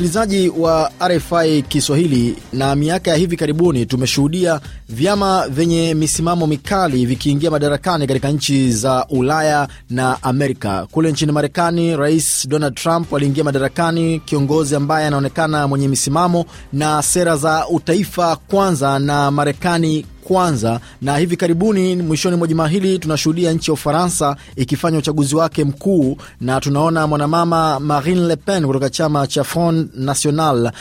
Msikilizaji wa RFI Kiswahili, na miaka ya hivi karibuni tumeshuhudia vyama vyenye misimamo mikali vikiingia madarakani katika nchi za Ulaya na Amerika. Kule nchini Marekani, Rais Donald Trump aliingia madarakani, kiongozi ambaye anaonekana mwenye misimamo na sera za utaifa kwanza na Marekani kwanza, na hivi karibuni mwishoni mwa juma hili tunashuhudia nchi ya Ufaransa ikifanya uchaguzi wake mkuu, na tunaona mwanamama Marine Le Pen kutoka chama cha Front National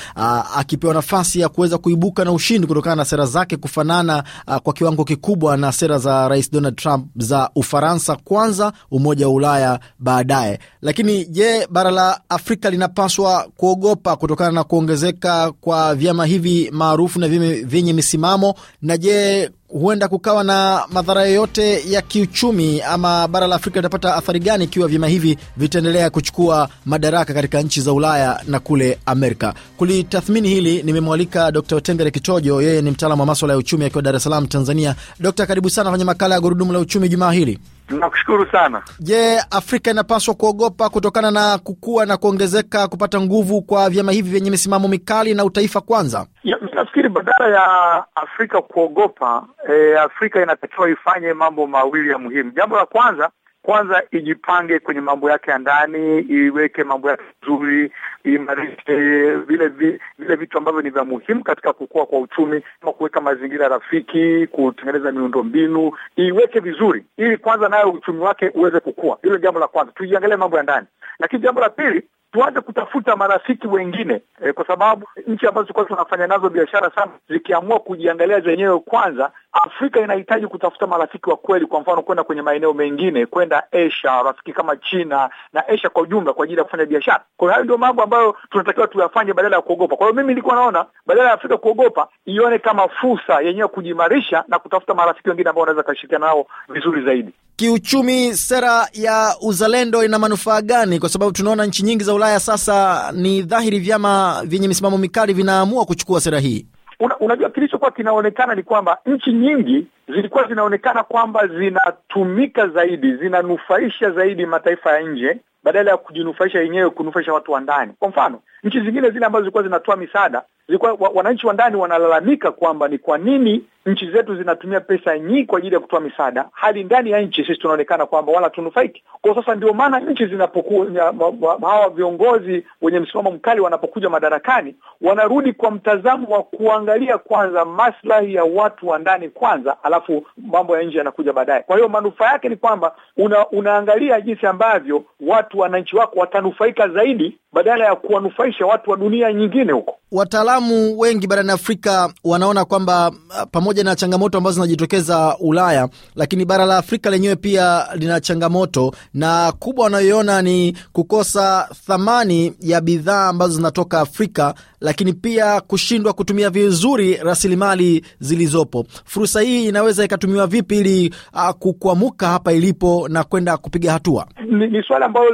akipewa nafasi ya kuweza kuibuka na ushindi kutokana na sera zake kufanana a, kwa kiwango kikubwa na sera za Rais Donald Trump za Ufaransa kwanza, Umoja wa Ulaya baadaye. Lakini je, bara la Afrika linapaswa kuogopa kutokana na kuongezeka kwa vyama hivi maarufu na vyenye misimamo? Na je huenda kukawa na madhara yoyote ya kiuchumi ama bara la Afrika litapata athari gani ikiwa vyama hivi vitaendelea kuchukua madaraka katika nchi za Ulaya na kule Amerika? Kulitathmini hili nimemwalika d Otengere Kitojo, yeye ni mtaalamu wa maswala ya uchumi akiwa Dar es Salaam, Tanzania. Dokta, karibu sana kwenye makala ya gurudumu la uchumi jumaa hili. Nakushukuru sana. Je, yeah, Afrika inapaswa kuogopa kutokana na kukua na kuongezeka kupata nguvu kwa vyama hivi vyenye misimamo mikali na utaifa kwanza? Yeah, nafikiri badala ya Afrika kuogopa, eh, Afrika inatakiwa ifanye mambo mawili ya muhimu. Jambo la kwanza kwanza ijipange kwenye mambo yake ya ndani, iweke mambo yake vizuri, iimarishe vile vile vitu ambavyo ni vya muhimu katika kukua kwa uchumi, kama kuweka mazingira rafiki, kutengeneza miundo mbinu iweke vizuri ili kwanza nayo uchumi wake uweze kukua. Hilo jambo la kwanza, tuiangalie mambo ya ndani. Lakini jambo la pili tuanze kutafuta marafiki wengine e, kwa sababu nchi ambazo tulikuwa tunafanya nazo biashara sana zikiamua kujiangalia zenyewe kwanza, Afrika inahitaji kutafuta marafiki wa kweli, kwa mfano kwenda kwenye maeneo mengine, kwenda Asia, rafiki kama China na Asia kwa ujumla, kwa ajili ya kufanya biashara. Kwa hiyo hayo ndio mambo ambayo tunatakiwa tuyafanye badala ya kuogopa. Kwa hiyo mimi nilikuwa naona badala ya Afrika kuogopa, ione kama fursa yenyewe kujimarisha na kutafuta marafiki wengine ambao wanaweza kashirikiana nao vizuri zaidi. Kiuchumi, sera ya uzalendo ina manufaa gani? Kwa sababu tunaona nchi nyingi za Ulaya sasa, ni dhahiri vyama vyenye misimamo mikali vinaamua kuchukua sera hii una, unajua kilichokuwa kinaonekana ni kwamba nchi nyingi zilikuwa zinaonekana kwamba zinatumika zaidi, zinanufaisha zaidi mataifa ya nje badala ya kujinufaisha yenyewe kunufaisha watu wa ndani. Kwa mfano Nchi zingine zile ambazo zilikuwa zinatoa misaada zilikuwa wa, wananchi wa ndani wanalalamika kwamba ni kwa nini nchi zetu zinatumia pesa nyingi kwa ajili ya kutoa misaada, hali ndani ya nchi sisi tunaonekana kwamba wala tunufaiki. Kwa sasa ndio maana nchi zinapokuwa hawa viongozi wenye msimamo mkali wanapokuja madarakani, wanarudi kwa mtazamo wa kuangalia kwanza maslahi ya watu wa ndani kwanza, alafu mambo ya nje yanakuja baadaye. Kwa hiyo manufaa yake ni kwamba una, unaangalia jinsi ambavyo watu wananchi wako watanufaika zaidi badala ya kuwanufaika kuwanufaisha watu wa dunia nyingine huko. Wataalamu wengi barani Afrika wanaona kwamba uh, pamoja na changamoto ambazo zinajitokeza Ulaya, lakini bara la Afrika lenyewe pia lina changamoto, na kubwa wanayoiona ni kukosa thamani ya bidhaa ambazo zinatoka Afrika, lakini pia kushindwa kutumia vizuri rasilimali zilizopo. Fursa hii inaweza ikatumiwa vipi ili uh, kukwamuka hapa ilipo na kwenda kupiga hatua? Ni, ni swala ambalo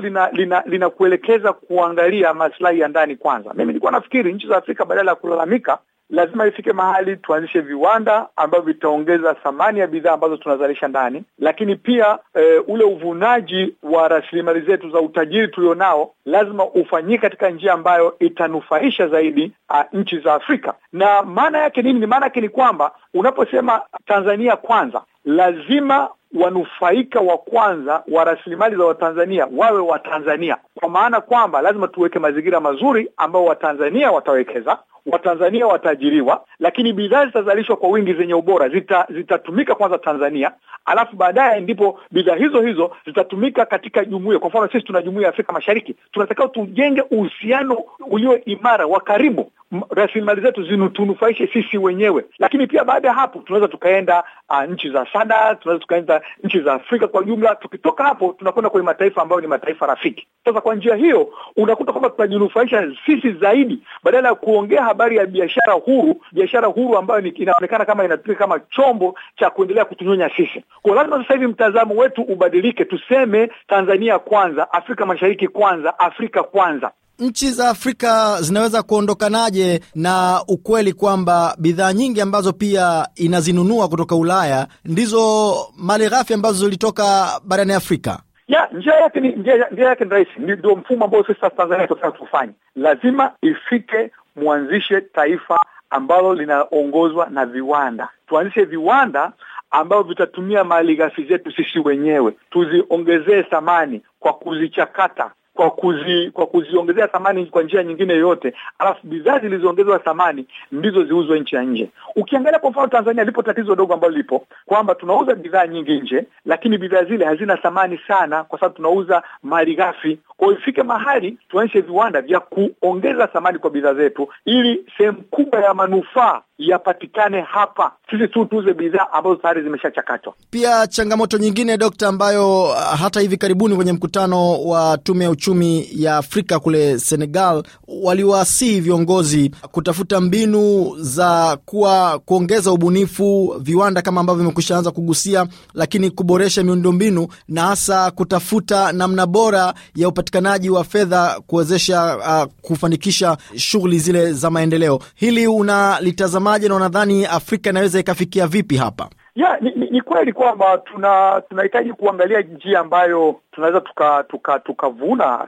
linakuelekeza lina, lina kuangalia maslahi ya ndani gani kwanza. Mimi nilikuwa nafikiri nchi za Afrika badala ya kulalamika, lazima ifike mahali tuanzishe viwanda ambavyo vitaongeza thamani ya bidhaa ambazo tunazalisha ndani, lakini pia e, ule uvunaji wa rasilimali zetu za utajiri tulionao lazima ufanyike katika njia ambayo itanufaisha zaidi a, ah, nchi za Afrika. Na maana yake nini? Ni maana yake ni kwamba unaposema Tanzania kwanza, lazima wanufaika wa kwanza wa rasilimali za Watanzania wawe Watanzania, kwa maana kwamba lazima tuweke mazingira mazuri ambayo Watanzania watawekeza, Watanzania wataajiriwa, lakini bidhaa zitazalishwa kwa wingi zenye ubora, zitatumika zita kwanza Tanzania, alafu baadaye ndipo bidhaa hizo hizo zitatumika katika jumuiya. Kwa mfano sisi tuna jumuiya ya Afrika Mashariki, tunatakiwa tujenge uhusiano ulio imara wa karibu, rasilimali zetu zinutunufaishe sisi wenyewe, lakini pia baada ya hapo tunaweza tukaenda uh, nchi za sada, tunaweza tukaenda nchi za Afrika kwa jumla. Tukitoka hapo tunakwenda kwenye mataifa ambayo ni mataifa rafiki. Sasa kwa njia hiyo unakuta kwamba tunajinufaisha sisi zaidi badala ya kuongea habari ya biashara huru, biashara huru ambayo inaonekana kama inatumika kama chombo cha kuendelea kutunyonya sisi. Kwa lazima sasa hivi mtazamo wetu ubadilike, tuseme Tanzania kwanza, Afrika Mashariki kwanza, Afrika kwanza. Nchi za Afrika zinaweza kuondokanaje na ukweli kwamba bidhaa nyingi ambazo pia inazinunua kutoka Ulaya ndizo mali ghafi ambazo zilitoka barani Afrika? Ya, njia yake ni njia yake ni rahisi, ndio mfumo ambao sisi Tanzania tunataka tufanye. Lazima ifike mwanzishe taifa ambalo linaongozwa na viwanda, tuanzishe viwanda ambavyo vitatumia mali ghafi zetu sisi wenyewe, tuziongezee thamani kwa kuzichakata kwa kuzi, kwa kuziongezea thamani kwa njia nyingine yoyote, alafu bidhaa zilizoongezwa thamani ndizo ziuzwe nchi ya nje. Ukiangalia kwa mfano Tanzania, lipo tatizo dogo ambalo lipo kwamba tunauza bidhaa nyingi nje, lakini bidhaa zile hazina thamani sana, kwa sababu tunauza mali ghafi kwa ifike mahali tuanishe viwanda vya kuongeza thamani kwa bidhaa zetu, ili sehemu kubwa ya manufaa yapatikane hapa, sisi tu tuuze bidhaa ambazo tayari zimeshachakatwa. Pia changamoto nyingine dokta, ambayo uh, hata hivi karibuni kwenye mkutano wa tume ya uchumi ya Afrika kule Senegal waliwasii viongozi kutafuta mbinu za kuwa kuongeza ubunifu viwanda kama ambavyo vimekwisha anza kugusia, lakini kuboresha miundombinu na hasa kutafuta namna bora ya upatikanaji wa fedha kuwezesha uh, kufanikisha shughuli zile za maendeleo. Hili unalitazamaje na unadhani Afrika inaweza ikafikia vipi hapa? Ya, ni, ni, ni kweli kwamba tuna tunahitaji kuangalia njia ambayo tunaweza tukavuna tuka, tuka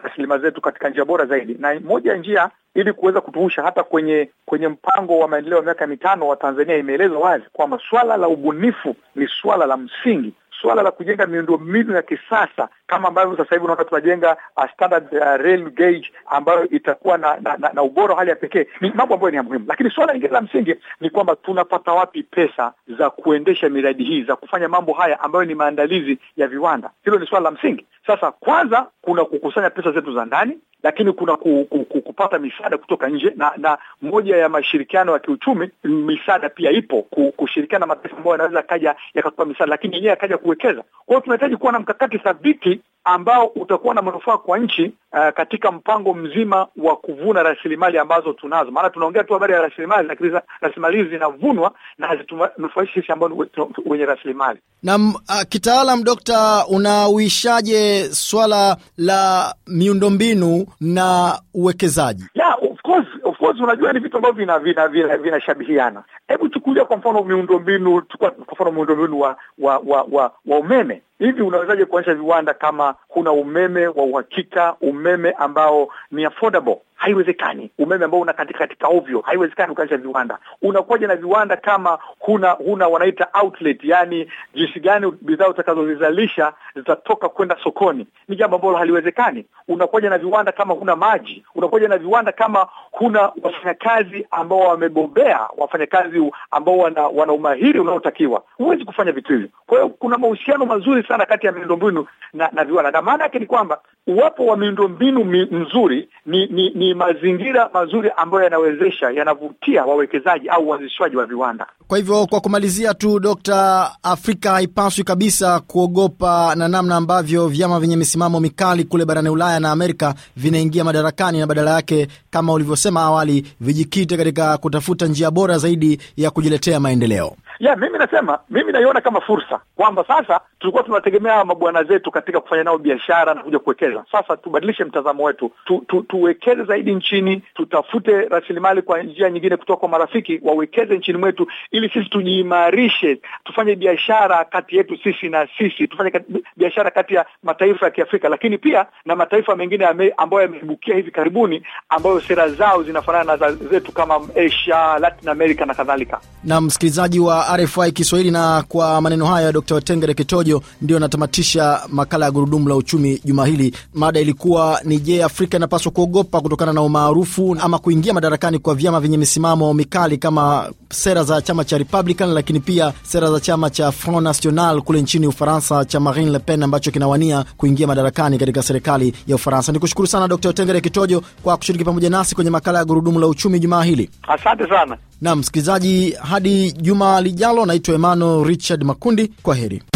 rasilimali zetu katika njia bora zaidi, na moja ya njia ili kuweza kutuhusha hata kwenye kwenye mpango wa maendeleo ya miaka mitano wa Tanzania imeelezwa wazi kwamba swala la ubunifu ni swala la msingi swala la kujenga miundombinu ya kisasa kama ambavyo sasa hivi unaona tunajenga standard uh, rail gauge ambayo itakuwa na, na, na, na ubora wa hali ya pekee, ni mambo ambayo ni ya muhimu. Lakini swala lingine la msingi ni kwamba tunapata wapi pesa za kuendesha miradi hii, za kufanya mambo haya ambayo ni maandalizi ya viwanda. Hilo ni swala la msingi. Sasa kwanza kuna kukusanya pesa zetu za ndani, lakini kuna ku, ku, ku, kupata misaada kutoka nje, na na moja ya mashirikiano ya kiuchumi, misaada pia ipo, kushirikiana na mataifa ambayo yanaweza kaja yakatupa misaada, lakini yenyewe akaja kuwekeza. Kwa hiyo tunahitaji kuwa na mkakati thabiti ambao utakuwa na manufaa kwa nchi uh, katika mpango mzima wa kuvuna rasilimali ambazo tunazo. Maana tunaongea tu habari ya rasilimali, lakini rasilimali hizi zinavunwa na hazitunufaishi sisi ambao wenye rasilimali. Naam. Uh, kitaalam, Dokta, unawishaje swala la miundombinu na uwekezaji course unajua ni vitu ambavyo vinashabihiana vina, vina, vina. Hebu chukulia kwa mfano miundombinu, kwa mfano miundombinu wa wa, wa, wa, wa umeme Hivi unawezaje kuanzisha viwanda kama kuna umeme wa uhakika, umeme ambao ni affordable? Haiwezekani. Umeme ambao una katika ovyo, haiwezekani ukaanzisha viwanda. Unakuja na viwanda kama huna huna wanaita outlet, yani jinsi gani bidhaa utakazozizalisha zitatoka kwenda sokoni, ni jambo ambalo haliwezekani. Unakuja na viwanda kama huna maji, unakuja na viwanda kama huna wafanyakazi ambao wamebobea wafanyakazi ambao wana, wana umahiri unaotakiwa, huwezi kufanya vitu hivyo. Kwa hiyo kuna mahusiano mazuri sana kati ya miundombinu na, na viwanda, na maana yake ni kwamba uwapo wa miundombinu mzuri ni, ni, ni mazingira mazuri ambayo yanawezesha, yanavutia wawekezaji au uanzishwaji wa viwanda. Kwa hivyo kwa kumalizia tu, Dokta, Afrika haipaswi kabisa kuogopa na namna ambavyo vyama vyenye misimamo mikali kule barani Ulaya na Amerika vinaingia madarakani, na badala yake kama ulivyosema awali, vijikite katika kutafuta njia bora zaidi ya kujiletea maendeleo yeah, mimi nasema mimi naiona kama fursa kwamba sasa tulikuwa tunategemea mabwana zetu katika kufanya nao biashara na kuja kuwekeza. Sasa tubadilishe mtazamo wetu tu, tu, tuwekeze zaidi nchini, tutafute rasilimali kwa njia nyingine kutoka kwa marafiki, wawekeze nchini mwetu ili sisi tujiimarishe, tufanye biashara kati yetu sisi na sisi, tufanye biashara kati ya mataifa ya Kiafrika, lakini pia na mataifa mengine ame, ambayo yameibukia hivi karibuni ambayo sera zao zinafanana na zetu kama Asia, Latin America na kadhalika. Na msikilizaji wa RFI Kiswahili, na kwa maneno haya ya Tengere Kitojo ndio natamatisha makala ya gurudumu la uchumi juma hili. Mada ilikuwa ni je, Afrika inapaswa kuogopa kutokana na umaarufu ama kuingia madarakani kwa vyama vyenye misimamo mikali kama sera za chama cha Republican, lakini pia sera za chama cha Front National kule nchini Ufaransa cha Marine Le Pen ambacho kinawania kuingia madarakani katika serikali ya Ufaransa. Ni kushukuru sana d Tengere Kitojo kwa kushiriki pamoja nasi kwenye makala ya gurudumu la uchumi jumaa hili. Asante sana. Na msikilizaji, hadi juma lijalo, naitwa Emmanuel Richard Makundi. Kwa heri.